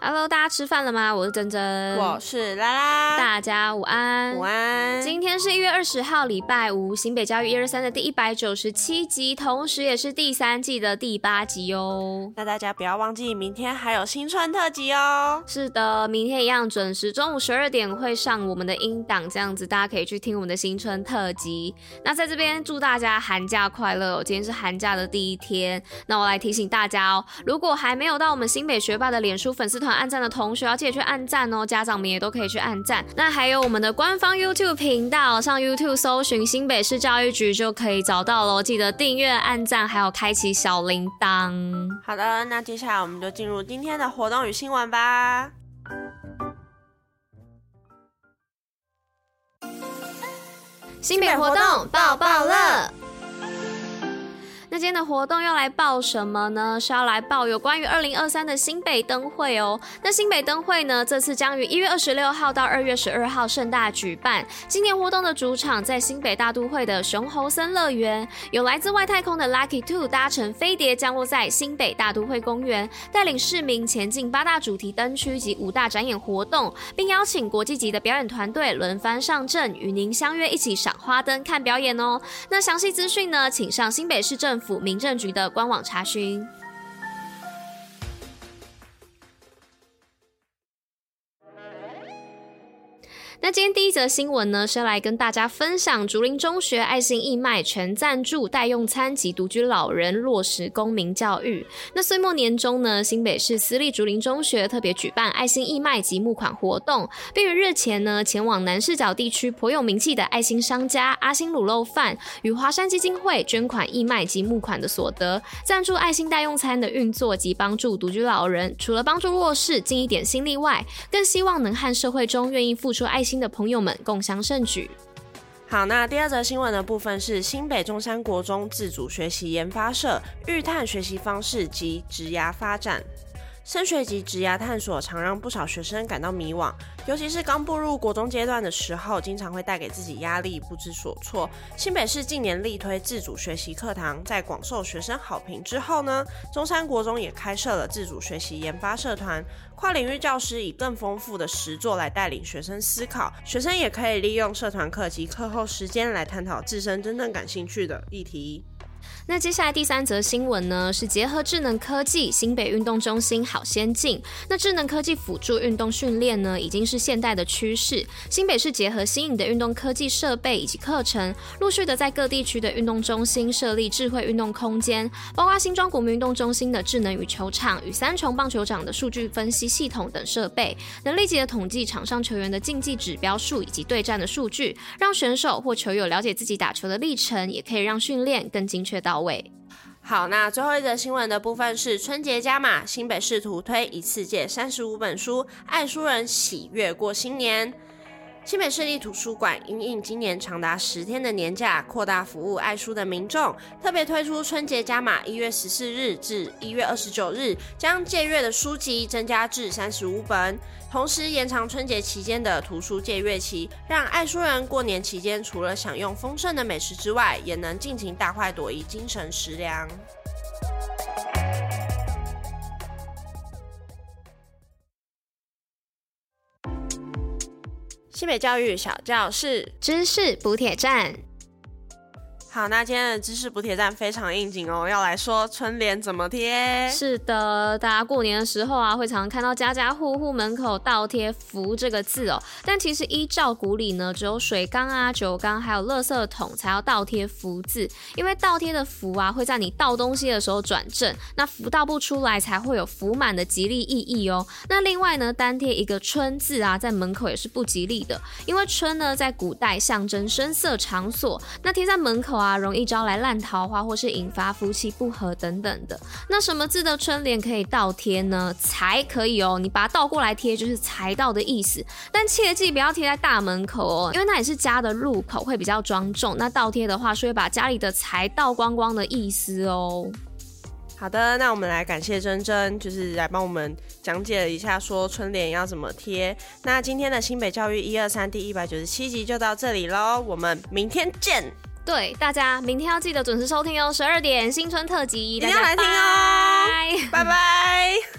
Hello，大家吃飯了嗎？我是珍珍，我是拉拉，大家午安，午安。今天是一月二十號，禮拜五，新北教育一二三的第一百九十七集，同時也是第三季的第八集哦。那大家不要忘記，明天還有新春特輯哦。是的，明天一樣準時，中午十二點會上我們的音檔，這樣子大家可以去聽我們的新春特輯。那在這邊祝大家寒假快樂哦，今天是寒假的第一天，那我來提醒大家哦，如果還沒有到我們新北學霸的臉書粉絲團。按讚的同學要記得去按讚哦，家長們也都可以去按讚。那還有我們的官方 YouTube 頻道，上 YouTube 搜尋新北市教育局就可以找到了。記得訂閱、按讚、還有開啟小鈴鐺。好的，那接下來我們就進入今天的活動與新聞吧。新北活動報報樂！間的活動要來報什麼呢？是要來報有關於二零二三的新北燈會哦。那新北燈會呢，這次將於一月二十六號到二月十二號盛大舉辦。今年活動的主場在新北大都會的熊猴森樂園，有來自外太空的 Lucky Two 搭乘飛碟降落在新北大都會公園，帶領市民前進八大主題燈區及五大展演活動，並邀請國際級的表演團隊輪番上陣，與您相約一起賞花燈、看表演哦。那詳細資訊呢，請上新北市政府。府民政局的官網查詢。那今天第一則新聞呢，是要來跟大家分享竹林中學愛心義賣，全贊助待用餐及獨居老人，落實公民教育。那歲末年終呢，新北市私立竹林中學特別舉辦愛心義賣及募款活動，並於日前呢，前往南勢角地區頗有名氣的愛心商家阿星滷肉飯與華山基金會，捐款義賣及募款的所得，贊助愛心待用餐的運作及幫助獨居老人。除了幫助弱勢盡一點心力外，更希望能和社會中願意付出愛心，新的朋友們共襄盛舉。好，那第二則新聞的部分是新北中山國中自主學習研發社預探學習方式及職涯發展。升學及職涯探索常讓不少學生感到迷惘，尤其是剛步入國中階段的時候，經常會帶給自己壓力，不知所措。新北市近年力推自主學習課堂，在廣受學生好評之後呢，中山國中也開設了自主學習研發社團，跨領域教師以更豐富的實作來帶領學生思考，學生也可以利用社團課及課後時間來探討自身真正感興趣的議題。那接下來第三則新聞呢，是結合智能科技，新北運動中心好先進。那智能科技輔助運動訓練呢，已經是現代的趨勢。新北市結合新穎的運動科技設備以及課程，陸續的在各地區的運動中心設立智慧運動空間，包括新莊國民運動中心的智能羽球場與三重棒球場的數據分析系統等設備，能立即的統計場上球員的競技指標數以及對戰的數據，讓選手或球友了解自己打球的歷程，也可以讓訓練更精。確到位。好，那最後一則新聞的部分是：春節加碼，新北市圖推一次借三十五本書，愛書人喜悅過新年。新北市立圖書館因應今年長達十天的年假，擴大服務愛書的民眾，特別推出春節加碼，一月十四日至一月二十九日，將借閱的書籍增加至三十五本，同時延長春節期間的圖書借閱期，讓愛書人過年期間除了享用豐盛的美食之外，也能盡情大快朵頤，精神食糧。新北教育小教室知識補帖站。好，那今天的知識補帖站非常應景哦，要來說春聯怎麼貼？是的，大家過年的時候啊，會常看到家家戶戶門口倒貼福這個字哦。但其實依照古禮呢，只有水缸啊、酒缸還有垃圾桶才要倒貼福字，因為倒貼的福啊，會在你倒東西的時候轉正，那福倒不出來才會有福滿的吉利意義哦。那另外呢，單貼一個春字啊，在門口也是不吉利的，因為春呢在古代象徵深色場所，那貼在門口。哇，容易招來爛桃花，或是引發夫妻不和等等的。那什麼字的春聯可以倒貼呢？才可以哦，你把它倒過來貼，就是財到的意思。但切記不要貼在大門口哦，因為那也是家的入口，會比較莊重。那倒貼的話，是會把家裡的財倒光光的意思哦。好的，那我們來感謝珍珍，就是來幫我們講解了一下說春聯要怎麼貼。那今天的新北教育一二三第一百九十七集就到這裡嘍，我們明天見。對，大家明天要記得準時收聽哦，十二點新春特輯，一定要來聽哦、啊，拜拜。